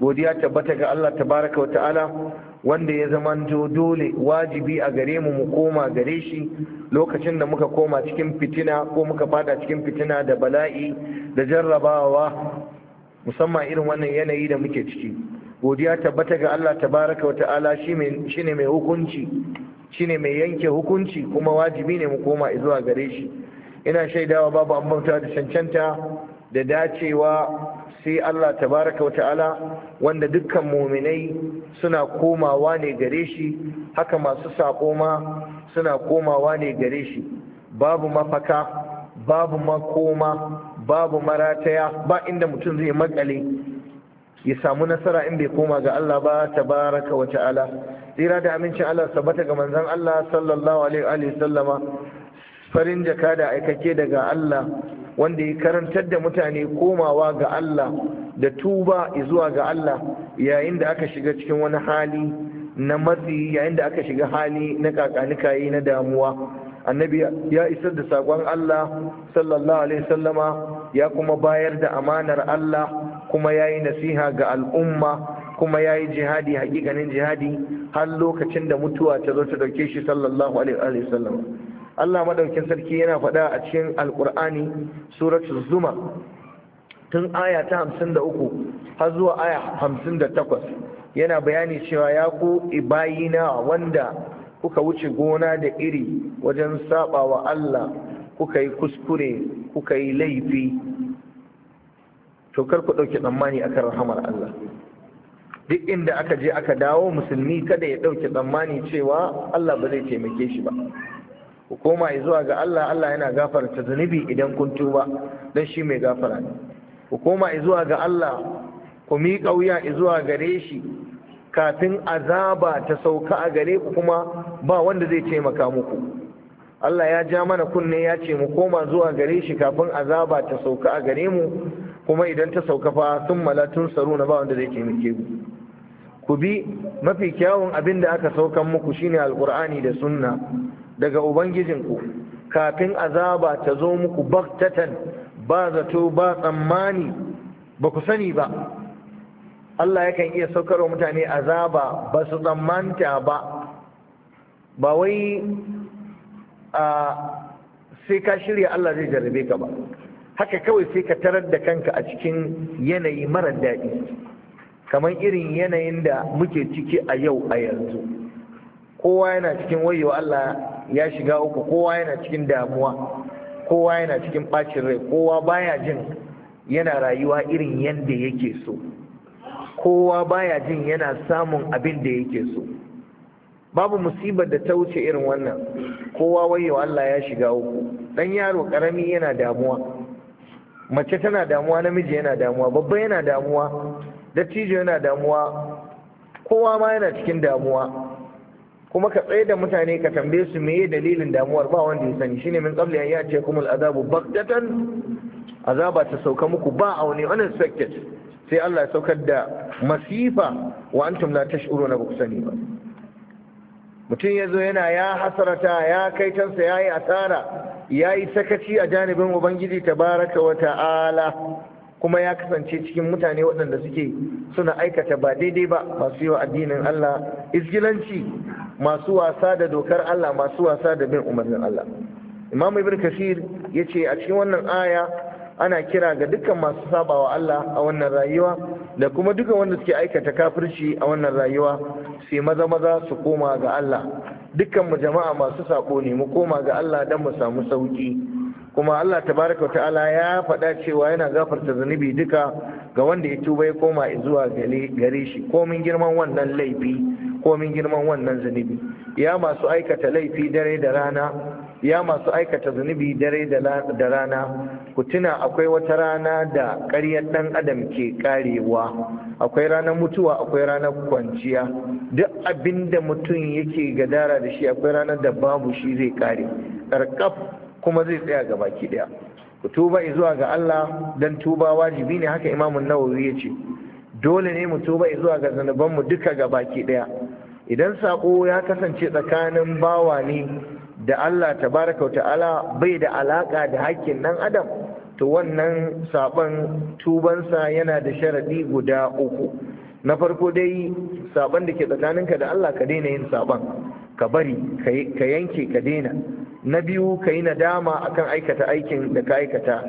godiya tabbata ga Allah tabaraka wa ta'ala wanda ya zama dole wajibi a gare mu mu koma gare shi lokacin da muka koma cikin fitina ko muka fada cikin fitina da bala'i da jarrabawa musamman irin wannan yanayi da muke ciki godiya tabbata ga Allah tabaraka wa ta'ala ne mai hukunci ne mai yanke hukunci kuma wajibi ne mu koma zuwa gare shi ina shaidawa babu an bauta da cancanta da dacewa sai Allah tabaraka wa ta'ala wanda dukkan muminai suna komawa ne gare shi haka masu saƙo ma suna komawa ne gare shi babu mafaka babu makoma babu marataya ba inda mutum zai makale ya samu nasara in bai koma ga Allah ba tabaraka wa ta'ala tsira da amincin Allah sabata ga manzon Allah sallallahu alaihi wa sallama farin jaka da aikake daga Allah wanda ya karantar da mutane komawa ga Allah da tuba zuwa ga Allah yayin da aka shiga cikin wani hali na matsi yayin da aka shiga hali na kakanikayi na damuwa annabi ya isar da sakon Allah sallallahu alaihi sallama ya kuma bayar da amanar Allah kuma ya yi nasiha ga al'umma kuma ya yi jihadi hakikanin jihadi har lokacin da mutuwa ta zo ta ɗauke shi sallallahu alaihi sallama Allah madaukin sarki yana faɗa a cikin alkur'ani suratul zuma tun aya ta hamsin har zuwa aya hamsin yana bayani cewa ya ku ibayina wanda kuka wuce gona da iri wajen saba wa Allah kuka yi kuskure kuka yi laifi to kar ku ɗauki tsammani akan rahamar Allah duk inda aka je aka dawo musulmi kada ya ɗauki tsammani cewa Allah ba zai taimake shi ba ku koma zuwa ga Allah Allah yana gafarta zunubi idan kun tuba dan shi mai gafara ne ku koma zuwa ga Allah ku miƙa wuya zuwa gare shi kafin azaba ta sauka a gare ku kuma ba wanda zai taimaka muku Allah ya ja mana kunne ya ce mu koma zuwa gare shi kafin azaba ta sauka a gare mu kuma idan ta sauka fa sun malatun saru na ba wanda zai taimake ku ku bi mafi kyawun abin da aka saukan muku shine alkur'ani da sunna daga ubangijinku kafin azaba ta zo muku baktatan ba zato ba tsammani ba ku sani ba Allah yakan iya saukar wa mutane azaba ba su tsammanta ba ba wai sai ka shirya Allah zai jarabe ka ba haka kawai sai ka tarar da kanka a cikin yanayi mara daɗi kamar irin yanayin da muke ciki a yau a yanzu kowa yana cikin wayewa Allah ya shiga uku kowa yana cikin damuwa kowa yana cikin bacin rai kowa baya jin yana rayuwa irin yadda yake so kowa baya jin yana samun abin da yake so babu musibar da ta wuce irin wannan kowa wayo Allah ya shiga uku dan yaro karami yana damuwa mace tana damuwa namiji yana damuwa babba yana damuwa dattijo yana damuwa kowa ma yana cikin damuwa kuma ka tsaye da mutane ka tambaye su meye dalilin damuwar ba wanda ya sani shine min qabli an ya'tiya al azabu baghtatan azaba ta sauka muku ba a wani unexpected sai Allah ya saukar da masifa wa antum la tash'uruna sani ba mutum ya zo yana ya hasarata ya kaitansa ya yi asara ya yi sakaci a janibin ubangiji tabaraka wa ta'ala kuma ya kasance cikin mutane waɗanda suke suna aikata ba daidai ba masu yi wa addinin Allah izgilanci masu wasa da dokar Allah masu wasa da bin umarnin Allah imam ibn kasir ya ce a cikin wannan aya ana kira ga dukkan masu sabawa Allah a wannan rayuwa da kuma duka wanda suke aikata kafirci a wannan rayuwa sai maza maza su koma ga Allah dukkan mu jama'a masu sako ne mu koma ga Allah dan mu samu sauki kuma Allah tabaraka wa ta'ala ya faɗa cewa yana gafarta zunubi duka ga wanda ya tuba ya koma zuwa gare shi komin girman wannan laifi komin girman wannan zunubi ya masu aikata laifi dare da rana ya masu aikata zunubi dare da rana ku tuna akwai wata rana da ƙaryar ɗan adam ke karewa akwai ranar mutuwa akwai ranar kwanciya duk abin da mutum yake gadara da shi akwai ranar da babu shi zai kare ƙarƙaf kuma zai tsaya ga baki ɗaya ku tuba zuwa ga Allah don tuba wajibi ne haka imamun nawawi ya ce dole ne mu tuba zuwa ga mu duka ga baki ɗaya idan saƙo ya kasance tsakanin bawa ne da Allah tabaraka wa ta'ala bai da alaƙa da haƙƙin ɗan adam to wannan saɓon tubansa yana da sharaɗi guda uku na farko dai saɓon da ke tsakaninka da Allah ka daina yin saɓon ka bari ka yanke ka daina na biyu ka yi nadama akan aikata aikin da ka aikata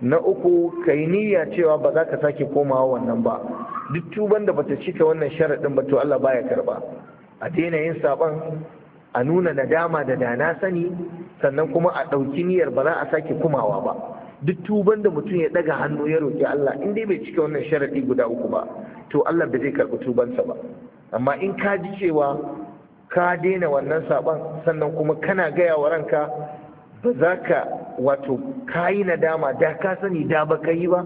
na uku ka yi niyya cewa ba za ka sake komawa wannan ba duk tuban da bata cika wannan sharaɗin ba to Allah baya karɓa. a daina yin saban a nuna nadama da dana sani sannan kuma a ɗauki niyyar ba za a sake kumawa ba duk tuban da mutum ya ɗaga hannu ya roƙi Allah in dai bai cika wannan sharaɗi guda uku ba to Allah bai zai karɓi tubansa ba amma in ka ji cewa ka daina wannan saban sannan kuma kana gaya wa ranka ba za ka wato ka yi nadama da ka sani da ba ka yi ba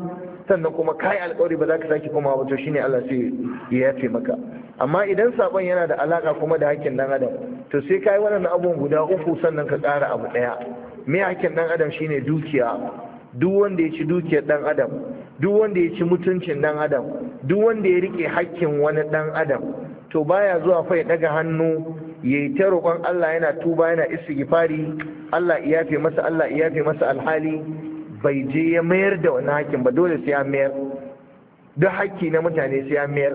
sannan kuma kai alkawari ba za ka sake komawa ba to shine Allah sai ya yafe maka amma idan sabon yana da alaka kuma da hakkin dan adam to sai kai wannan abun guda uku sannan ka ƙara abu daya me hakkin dan adam shine dukiya duk wanda ya ci dukiyar dan adam duk wanda ya ci mutuncin dan adam duk wanda ya rike hakkin wani dan adam to baya zuwa fai daga hannu yayi ta roƙon Allah yana tuba yana istighfari Allah iyafe masa Allah iyafe masa alhali bai je ya mayar da wani hakkin ba dole sai ya mayar duk haƙƙi na mutane sai ya mayar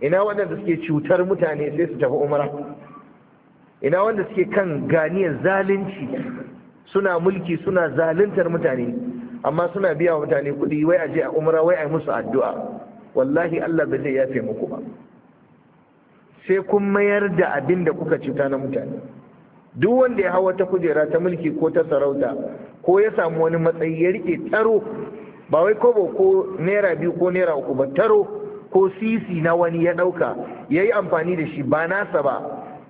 ina waɗanda suke cutar mutane sai su tafi umara ina wanda suke kan ganiyar zalunci suna mulki suna zaluntar mutane amma suna biya wa mutane kuɗi wai a je a umara wai a yi musu addu'a wallahi Allah ba zai yafe muku ba sai kun mayar da abin da kuka cuta na mutane duk wanda ya hawa ta kujera ta mulki ko ta sarauta ko ya samu wani matsayi ya rike taro ba wai kobo ko naira biyu ko naira uku ba taro ko sisi na wani ya ɗauka ya yi amfani da shi ba nasa ba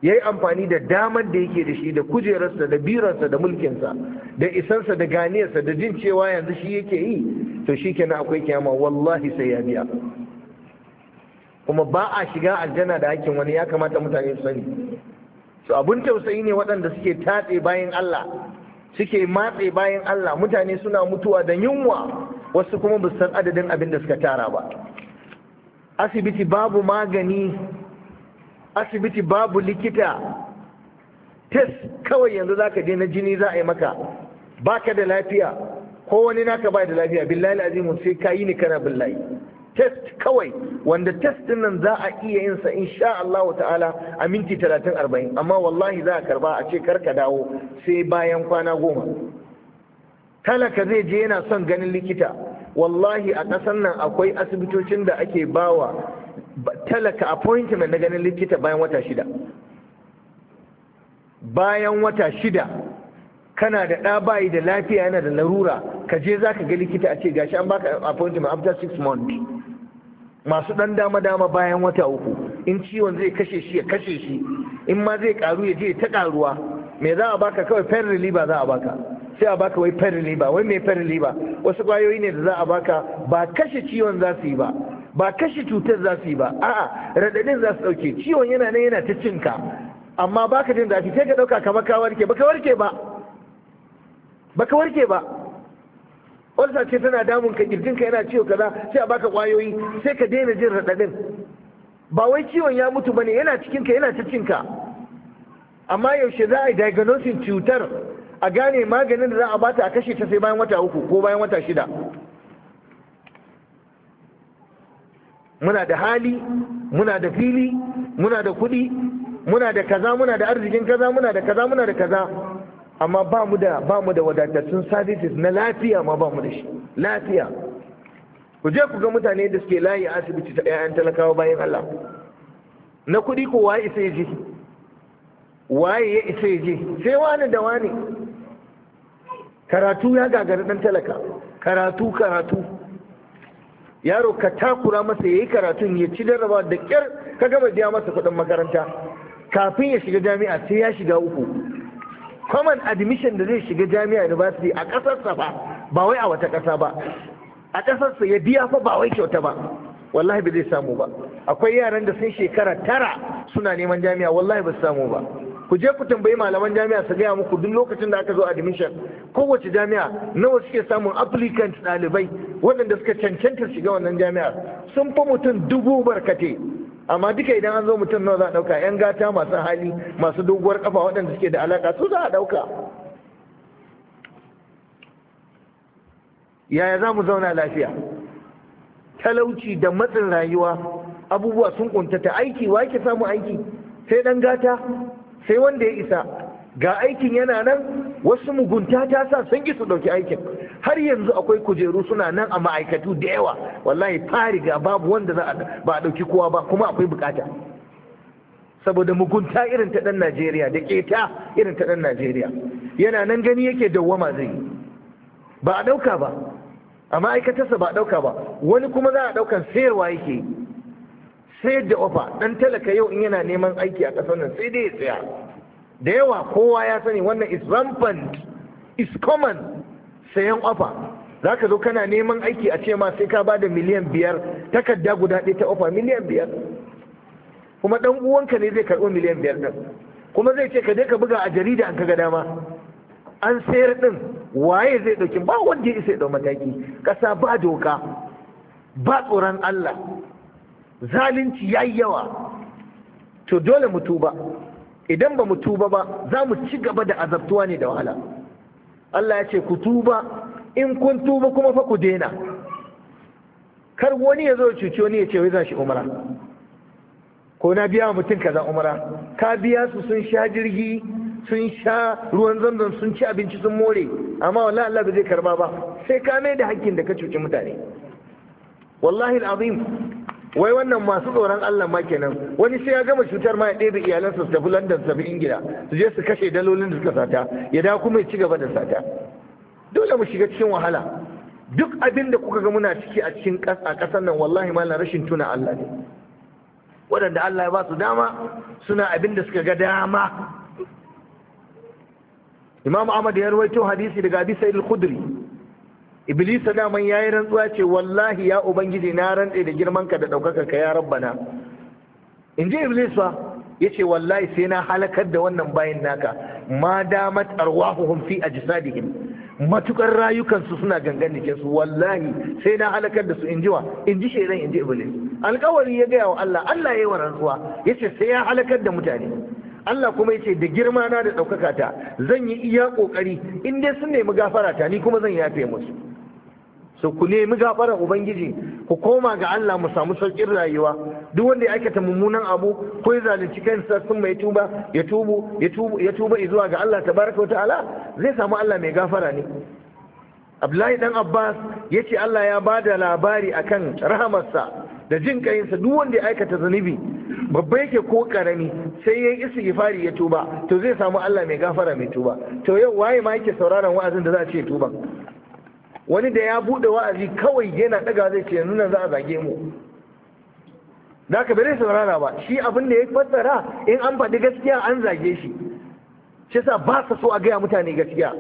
ya yi amfani da damar da yake da shi da kujerarsa da birarsa da mulkinsa da isansa da ganiyarsa da jin cewa yanzu shi yake yi to shi kenan akwai kyama wallahi sai ya biya kuma ba a shiga aljanna da hakkin wani ya kamata mutane su sani abun tausayi ne waɗanda suke tatse bayan Allah suke matse bayan Allah mutane suna mutuwa da yunwa wasu kuma ba san adadin abin da suka tara ba asibiti babu magani asibiti babu likita test kawai yanzu zaka je na jini za a yi maka baka da lafiya ko wani naka ba da lafiya billahi azimu sai ka yi ni kana billahi test kawai wanda test din nan za a iya yin sa insha Allah ta'ala a minti 30 40 amma wallahi za a karba a ce karka dawo sai bayan kwana goma talaka zai je yana son ganin likita wallahi a ƙasar nan akwai asibitocin da ake bawa talaka appointment na ganin likita bayan wata shida bayan wata shida kana da ɗa bayi da lafiya yana da larura ka je za ka ga likita a ce gashi an baka appointment after six months masu ɗan dama-dama bayan wata uku in ciwon zai kashe shi ya kashe shi in ma zai karu ya je ta karuwa me za a baka kawai pen reliever za a baka sai a baka wai pen reliever wai me pen reliever wasu kwayoyi ne da za a baka ba kashe ciwon za su yi ba ba kashe cutar za su yi ba a'a radadin za su dauke ciwon yana nan yana ta cinka amma baka jin zafi sai ka dauka kamar ka warke ba baka warke ba ulsa ce tana damun ka ka yana ciwo kaza sai a baka kwayoyi sai ka daina jin raɗaɗin ba wai ciwon ya mutu bane yana cikin ka yana cikin ka amma yaushe za a yi diagnosis cutar a gane maganin da za a bata a kashe ta sai bayan wata uku ko bayan wata shida muna da hali muna da fili muna da kuɗi muna da kaza muna da arzikin kaza muna da kaza muna da kaza amma ba mu da ba mu wadatattun services na lafiya ma ba mu da shi lafiya ku je ku ga mutane da suke layi a asibiti ta ɗayan talakawa bayan Allah na kuɗi ko waye isa ya je waye ya isa ya je sai wani da wani karatu ya gagari dan talaka karatu karatu yaro ka takura masa ya yi karatun ya ci jarraba da kyar ka gama biya masa kuɗin makaranta kafin ya shiga jami'a sai ya shiga uku common admission da zai shiga jami'a university a ƙasarsa ba ba wai a wata ƙasa ba a ƙasarsa ya biya fa ba wai kyauta ba wallahi ba zai samu ba akwai yaran da sun shekara tara suna neman jami'a wallahi ba su samu ba ku je ku tambayi malaman jami'a su gaya muku duk lokacin da aka zo admission kowace jami'a nawa suke samun applicant ɗalibai waɗanda suka cancanta shiga wannan jami'a sun fi mutum dubu barkate amma duka idan an zo mutum nawa za a dauka yan gata masu hali masu doguwar kafa waɗanda suke da alaka su za a ɗauka yaya za mu zauna lafiya talauci da matsin rayuwa abubuwa sun kuntata aiki wa ke samu aiki sai dan gata sai wanda ya isa ga aikin yana nan wasu mugunta ta sa sun ki su ɗauki aikin har yanzu akwai kujeru suna nan a ma'aikatu da yawa wallahi fari ga babu wanda za ba a ɗauki kowa ba kuma akwai bukata saboda mugunta irin ta ɗan najeriya da keta irin ta ɗan najeriya yana nan gani yake dawwama zai ba a ɗauka ba a ma'aikatarsa ba a ɗauka ba wani kuma za a ɗaukan sayarwa yake sayar da ofa ɗan talaka yau in yana neman aiki a ƙasar nan sai dai ya tsaya da yawa kowa ya sani wannan is rampant is common sayan ofa za ka zo kana neman aiki a ce ma sai ka ba da miliyan biyar takarda guda ɗaya ta ofa miliyan biyar kuma ɗan uwanka ne zai karɓi miliyan biyar ɗin kuma zai ce ka je ka buga a jarida an kaga dama an sayar ɗin waye zai ɗauki ba wanda ya isa ya mataki ƙasa ba doka ba tsoron Allah zalunci yayi yawa to dole mu tuba idan ba mu tuba ba za mu ci gaba da azabtuwa ne da wahala Allah ya ce ku tuba in kun tuba kuma fa ku daina kar wani ya zo cuci wani ya ce wai za shi umara ko na biya mutum kaza umara ka biya su sun sha jirgi sun sha ruwan zamzam sun ci abinci sun more amma wallahi Allah ba zai karba ba sai ka mai da hakkin da ka cuci mutane wallahi alazim wai wannan masu tsoron Allah ma kenan wani sai ya gama cutar ma ya ɗebe iyalansa su tafi London su tafi Ingila su je su kashe dalolin da suka sata ya da kuma ya ci gaba da sata dole mu shiga cikin wahala duk abin da kuka ga muna ciki a cikin a ƙasar nan wallahi ma rashin tuna Allah ne waɗanda Allah ya ba su dama suna abin da suka ga dama Imam Ahmad ya rawaito hadisi daga Abi Sa'id al-Khudri iblis daman ya yi rantsuwa ce wallahi ya ubangiji na rantse da girman ka da ɗaukaka ka ya rabbana in ji iblis Ya ce wallahi sai na halakar da wannan bayan naka ma damat arwahuhum fi ajsadihim matukar rayukansu suna gangan jikin su wallahi sai na halakar da su in ji wa in ji shaidan in ji iblis alkawari ya gaya wa Allah Allah ya yi wa rantsuwa Ya ce sai ya halakar da mutane Allah kuma ya ce da girma na da ɗaukaka ta zan yi iya ƙoƙari in dai sun nemi gafara ta ni kuma zan yafe musu so ku nemi gafarar ubangiji ku koma ga Allah mu samu saukin rayuwa duk wanda ya aikata mummunan abu ko ya zalunci kansa sun mai tuba ya tubu ya tubu ya tuba zuwa ga Allah tabaraka ta'ala zai samu Allah mai gafara ne Abdullahi dan Abbas yace Allah ya bada labari akan rahamarsa da jin kayinsa duk wanda ya aikata zunubi babba yake ko karami sai yayi istighfari ya tuba to zai samu Allah mai gafara mai tuba to yau waye ma yake sauraron wa'azin da za a ce tuban wani da ya buɗe wa'azi kawai yana ɗaga zai ce nuna za a zage mu da ka bare saurara ba shi abin da ya fassara in an faɗi gaskiya an zage shi shi sa ba sa so a gaya mutane gaskiya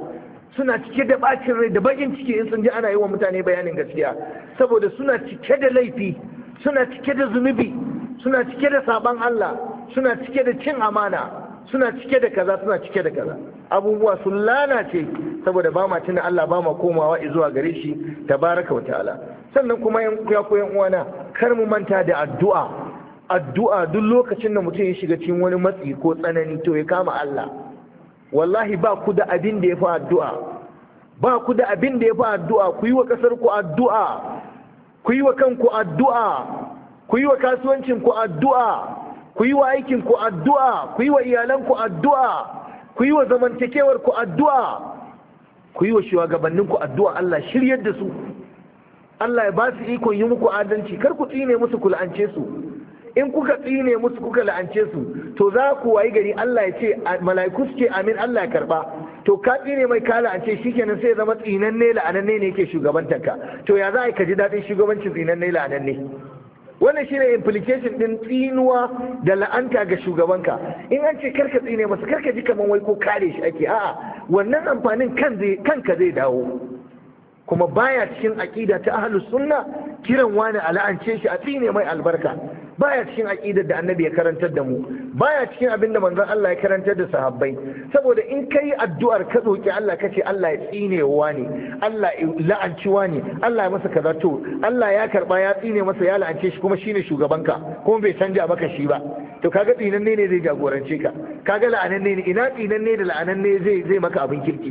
suna cike da bacin rai da bakin ciki in sun ji ana yi wa mutane bayanin gaskiya saboda suna cike da laifi suna cike da zunubi suna cike da saban Allah suna cike da cin amana suna cike da kaza suna cike da kaza abubuwa sun lalace saboda ba ma tuna Allah ba ma komawa zuwa gare shi tabaraka wa ta'ala sannan kuma ya koyan uwana kar mu manta da addu'a addu'a duk lokacin da mutum ya shiga cikin wani matsi ko tsanani to ya kama Allah wallahi ba ku da abin da ya fi addu'a ba ku da abin da ya fi addu'a ku yi wa kasar ku addu'a ku yi wa kanku addu'a ku yi wa kasuwancin ku addu'a ku yi wa aikinku addu'a ku yi wa iyalanku addu'a ku yi wa zamantakewar ku addu'a ku yi wa shugabanninku addu'a Allah shiryar da su Allah ya ba su ikon yi muku adalci kar ku tsine musu ku la'ance su in kuka tsine musu kuka la'ance su to za ku wayi gari Allah ya ce mala'iku su amin Allah ya karba to ka tsine mai ka la'ance shikenan sai zama tsinanne la'ananne ne yake shugabantarka to ya za a ka ji daɗin shugabancin tsinanne la'ananne wannan shine implication din tsinuwa da la'anta ga shugabanka in an ce karka tsine masa karka ji kamar wai ko kare shi ake a'a wannan amfanin kanka zai dawo kuma baya cikin aƙida ta ahlus sunna kiran wani a la'ance shi a tsine mai albarka baya cikin aƙidar da annabi ya karantar da mu baya cikin abin da manzon Allah ya karantar da sahabbai saboda in kai addu'ar ka tsoki Allah ka ce Allah ya tsinewa ne Allah ya ne Allah ya masa kaza to Allah ya karba ya tsine masa ya la'ance shi kuma shine ka, kuma bai canja maka shi ba to kaga tsinanne ne zai jagorance ka kaga la'ananne ne ina tsinanne da la'ananne zai zai maka abin kirki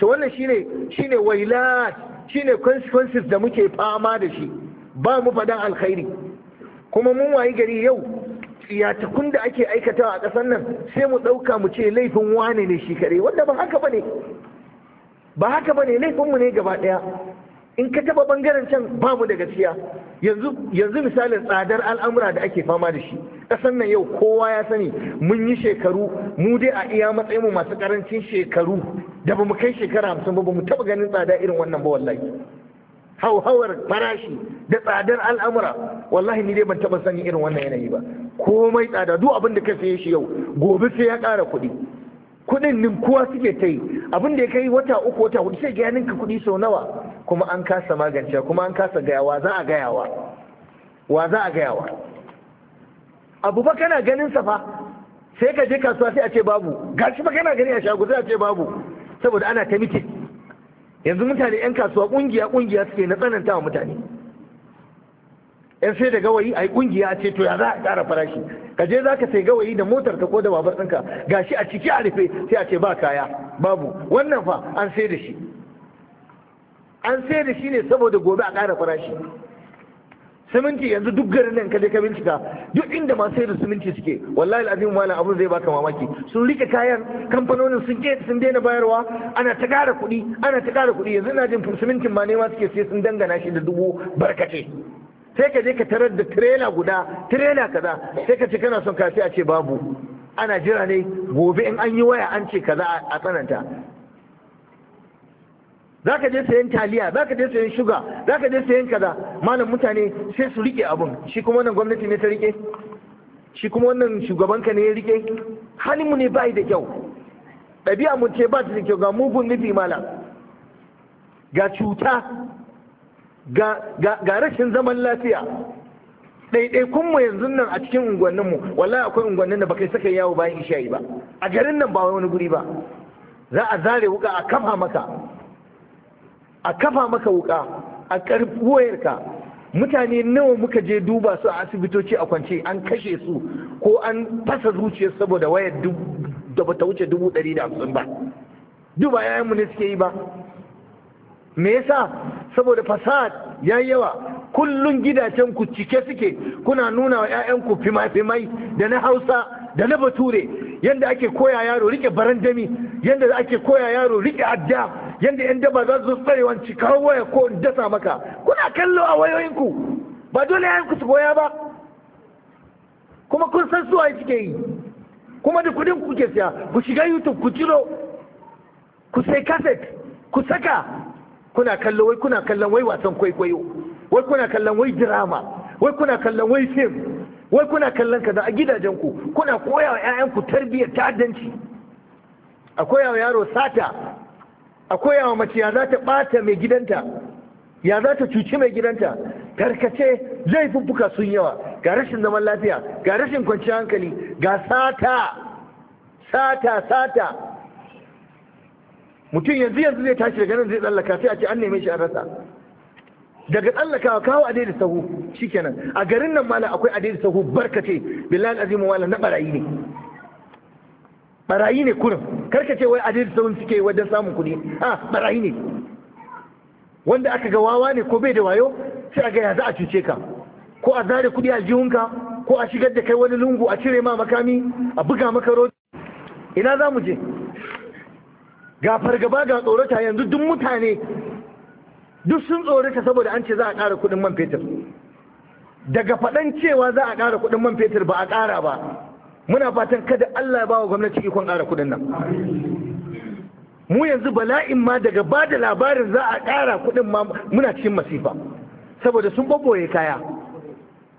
to wannan shine shine wailat shine consequences da muke fama da shi ba mu fadan alkhairi kuma mun wayi gari yau ya da ake aikatawa a ƙasar nan sai mu ɗauka mu ce laifin wane ne shi kare wanda ba haka bane ba haka bane laifinmu ne gaba ɗaya in ka taɓa ɓangaren can ba mu da gaskiya yanzu misalin tsadar al'amura da ake fama da shi ƙasar nan yau kowa ya sani mun yi shekaru mu dai a iya matsayin mu masu ƙarancin shekaru da ba mu kai shekara hamsin ba ba mu taɓa ganin tsada irin wannan ba wallahi hauhawar farashi da tsadar al'amura wallahi ni dai ban taba sanin irin wannan yanayi ba komai tsada duk abin da ka saye shi yau gobe sai ya ƙara kuɗi kuɗin kuwa suke ta yi abin da ya kai wata uku wata hudu sai ga ninka kuɗi sau nawa kuma an kasa magance kuma an kasa gayawa za a gayawa wa za a gayawa abu ba kana ganin sa fa sai ka je kasuwa sai a ce babu gashi ba kana gani a shago sai a ce babu saboda ana ta mitin yanzu mutane 'yan kasuwa kungiya kungiya suke na tsananta wa mutane yan sai da gawayi a yi kungiya a ce to ya za a ƙara farashi ka je za ka sai gawayi da motar ta ko da babar Ga shi a ciki a rufe sai a ce ba kaya babu wannan fa an sai da shi an sai da shi ne saboda gobe a kara farashi siminti yanzu duk garin nan kaje ka bincika duk inda masu sayar da siminti suke wallahi alazim malam abun zai baka mamaki sun rike kayan kamfanonin sun ke sun daina bayarwa ana ta ƙara kuɗi ana ta kara kuɗi yanzu ina jin simintin ma nema suke sai sun dangana shi da dubu barkace sai ka je ka tarar da tirela guda tirela kaza sai ka ce kana son kafi a ce babu ana jira ne gobe in an yi waya an ce kaza a tsananta za ka je sayan taliya za ka je sayan shuga za ka je sayan kaza malam mutane sai su rike abun shi kuma wannan gwamnati ne ta rike shi kuma wannan shugabanka ne ya rike halinmu ne bai da kyau ɗabi'a mu ce ba ta da kyau ga mugun nufi malam ga cuta ga rashin zaman lafiya ɗaiɗaikun mu yanzu nan a cikin unguwannin mu wallahi akwai unguwannin da ba kai saka yawo bayan isha'i ba a garin nan ba wani guri ba za a zare wuka a kafa maka a kafa maka wuka a karfi mutane nawa muka je duba su a asibitoci a kwance an kashe su ko an fasa zuciyar saboda wayar da bata wuce dubu ɗari da hamsin ba duba yayanmu ne suke yi ba me yasa saboda fasad ya yawa kullum gidajen ku cike suke kuna nuna wa 'ya'yanku fimai-fimai da na hausa da na bature yadda ake koya yaro rike barandami yadda ake koya yaro rike adda yadda yan daba za su tsare wanci kawo waya ko in dasa maka kuna kallo a wayoyinku ba dole yayin su goya ba kuma kun san suwa suke yi kuma da kudin kuke siya ku shiga youtube ku ciro ku sai kaset ku saka kuna kallo wai kuna kallon wai wasan kwaikwayo wai kuna kallon wai drama wai kuna kallon wai fim wai kuna kallon kaza a gidajenku kuna koya wa 'ya'yanku tarbiyyar ta'addanci a koya yaro sata a koyawa mace ya za ta ɓata mai gidanta ya za ta cuci mai gidanta karkace laifuffuka sun yawa ga rashin zaman lafiya ga rashin kwanciyar hankali ga sata sata sata mutum yanzu yanzu zai tashi daga nan zai tsallaka sai a ce an neme shi an rasa daga tsallakawa kawo a daidai sahu shikenan a garin nan malam akwai a daidai sahu barkace billahi azimu wala na barayi ne barayi ne kurin karka ce wai adil sun suke wajen samun kuɗi a ah, barayi ne wanda aka ga wawa ne ko bai da wayo sai a ga ya za a cuce ka ko a zare kuɗi a jihunka ko a shigar da kai wani lungu a cire ma makami a buga maka rodi ina za mu je ga fargaba ga tsorata yanzu duk mutane duk sun tsorata saboda an ce za a ƙara kuɗin man fetur daga faɗan cewa za a ƙara kuɗin man fetur ba a ƙara ba muna fatan kada Allah ya ba wa gwamnati ikon ƙara kuɗin nan mu yanzu bala'in ma daga ba da labarin za a ƙara kuɗin ma muna cikin masifa saboda sun ɓaɓɓoye kaya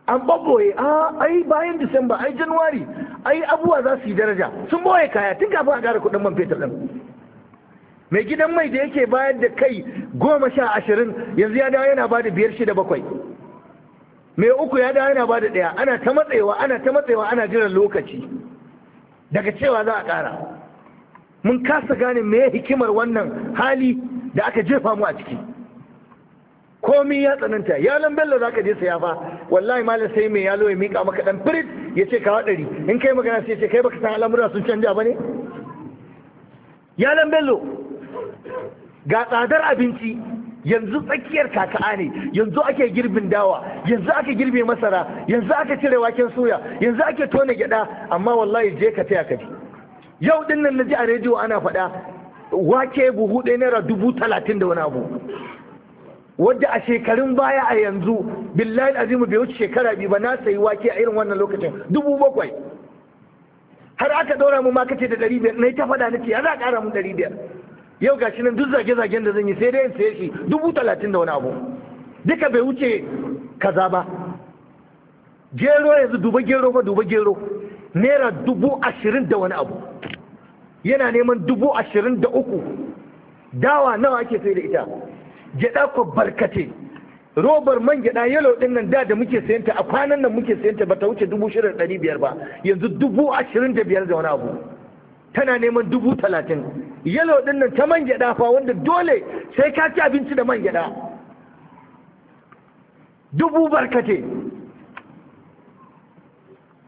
an ɓaɓɓoye a ai bayan disamba ai januwari ai abuwa za su yi daraja sun ɓoye kaya tun kafin a ƙara kuɗin man fetur ɗin mai gidan mai da yake bayar da kai goma sha ashirin yanzu ya dawo yana ba da biyar shida bakwai mai uku ya da yana bada daya ana ta matsewa ana ta matsewa ana jiran lokaci daga cewa za a kara mun kasa gane me hikimar wannan hali da aka jefa mu a ciki komi ya tsananta yalon bello za ka je saya fa wallahi ma sai mai yalo ya mika maka dan firit ya ce kawo ɗari in kai magana sai ce kai baka san al'amura sun canja ba ne yalon bello ga tsadar abinci yanzu tsakiyar kaka'a ne yanzu ake girbin dawa yanzu ake girbe masara yanzu aka cire waken suya yanzu ake tona gyada amma wallahi je ka taya kaji yau din nan naji a rediyo ana faɗa wake buhu ɗaya naira dubu talatin da wani abu wadda a shekarun baya a yanzu billahi azimu bai wuce shekara biyu ba na sayi wake a irin wannan lokacin dubu bakwai har aka ɗora mu ma kace da ɗari biyar na ta faɗa nace ya za a ƙara mu ɗari biyar yau ga shi nan duk zage-zagen da zan yi sai dai in saye shi dubu talatin da wani abu duka bai wuce kaza ba gero yanzu duba gero ba duba gero naira dubu ashirin da wani abu yana neman dubu ashirin da uku dawa nawa ake sai da ita gyada ku barkate robar man gyada yalo din nan da da muke sayanta a kwanan nan muke sayanta ba ta wuce dubu shirin ɗari biyar ba yanzu dubu ashirin da biyar da wani abu tana neman dubu talatin yalo din nan ta man gyada fa wanda dole sai ka ci abinci da man gyada dubu barkate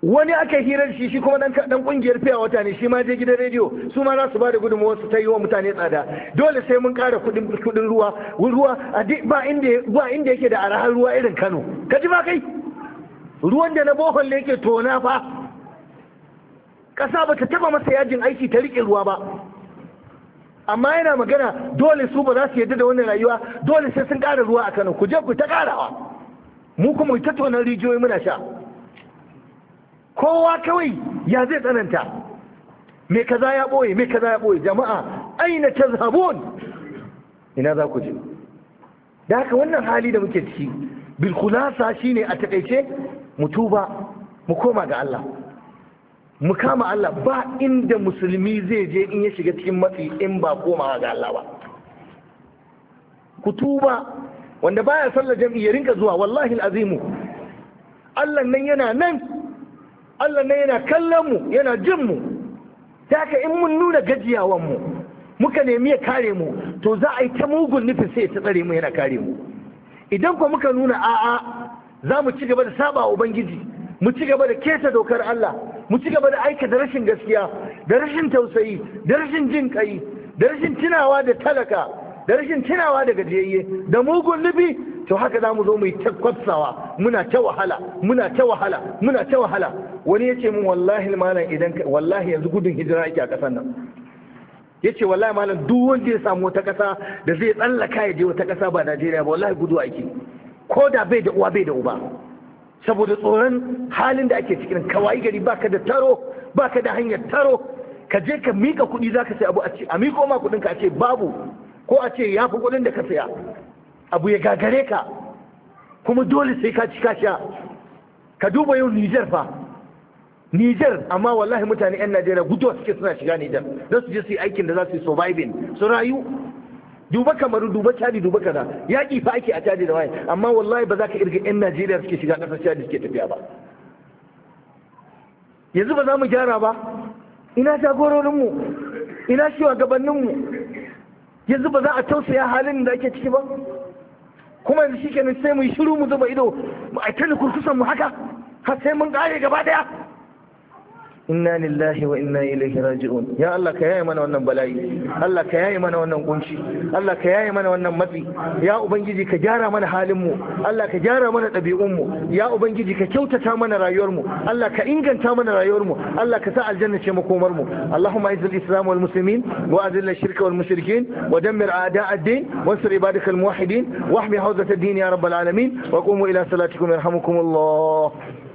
wani aka hirar shi shi kuma dan dan kungiyar fiya wata ne shi ma je gidan rediyo su ma za su bada gudunmawar su ta yi wa mutane tsada dole sai mun kara kudin kudin ruwa ruwa ba inda ba inda yake da arahar ruwa irin Kano ka ji ba kai ruwan da na bohol ne yake tona fa ƙasa ba ta taba masa yajin aiki ta riƙe ruwa ba amma yana magana dole su ba za su yarda da wannan rayuwa dole sai sun ƙara ruwa a kano ku je ku ta ƙarawa mu kuma ta tona rijiyoyi muna sha kowa kawai ya zai tsananta me kaza ya ɓoye me kaza ya ɓoye jama'a aina tazhabun ina za ku je da haka wannan hali da muke ciki bilkulasa shi shine a taƙaice mu tuba mu koma ga Allah mu kama Allah ba inda musulmi zai je in ya shiga cikin matsi in ba komawa ga Allah ba ku wanda baya sallar jam'i ya rinka zuwa wallahi azimu Allah nan yana nan Allah nan yana kallon mu yana jin mu ta haka in mun nuna gajiyawan mu muka nemi ya kare mu to za a yi ta mugun nufin sai ta tsare mu yana kare mu idan kuma muka nuna a'a za mu ci gaba da saba ubangiji mu ci gaba da keta dokar Allah mu ci gaba da aikata rashin gaskiya da rashin tausayi da rashin jin kai da rashin tunawa da talaka da rashin tunawa da gajiyayye da mugun nufi to haka za mu zo mu yi ta muna ta wahala muna ta wahala muna ta wahala wani ya ce min wallahi malam idan wallahi yanzu gudun hijira yake a ƙasar nan ya ce wallahi malam duk wanda ya samu wata ƙasa da zai tsallaka ya je wata ƙasa ba Najeriya ba wallahi gudu aiki ko da bai da uwa bai da uba saboda tsoron halin da ake cikin kawai gari baka da taro baka da hanyar taro ka je ka mika kuɗi za ka sai abu a ce a miko ma kuɗinka a ce babu ko a ce ya fi kuɗin da ka saya abu ya gagare ka kuma dole sai ka ci ka sha ka duba yau Nijar fa Nijar amma wallahi mutane 'yan Najeriya gudu suke suna shiga Nijar don su je su yi aikin da za su yi surviving su rayu duba kamaru duba cadi duba kaza yaƙi fa ake a cadi da waye amma wallahi ba za ka irga 'yan najeriya suke shiga ƙasar cadi suke tafiya ba yanzu ba za mu gyara ba ina jagororinmu ina shugabanninmu yanzu ba za a tausaya halin da ake ciki ba kuma yanzu kenan sai mu yi shiru mu zuba ido a tani kurkusan mu haka har sai mun kare gaba daya inna lillahi wa inna ilaihi raji'un ya Allah ka yaye mana wannan bala'i Allah ka yaye mana wannan kunci Allah ka yaye mana wannan matsi ya ubangiji ka gyara mana halin mu Allah ka gyara mana ɗabi'un mu ya ubangiji ka kyautata mana rayuwar mu Allah ka inganta mana rayuwar mu Allah ka sa aljanna ce makomar mu Allahumma izil islam wal muslimin wa azil shirka wal mushrikin wa dammir a'da ad-din wansur ibadak al muwahhidin wahmi hawzat ad-din ya rabbal alamin wa qumu ila salatikum yarhamukum Allah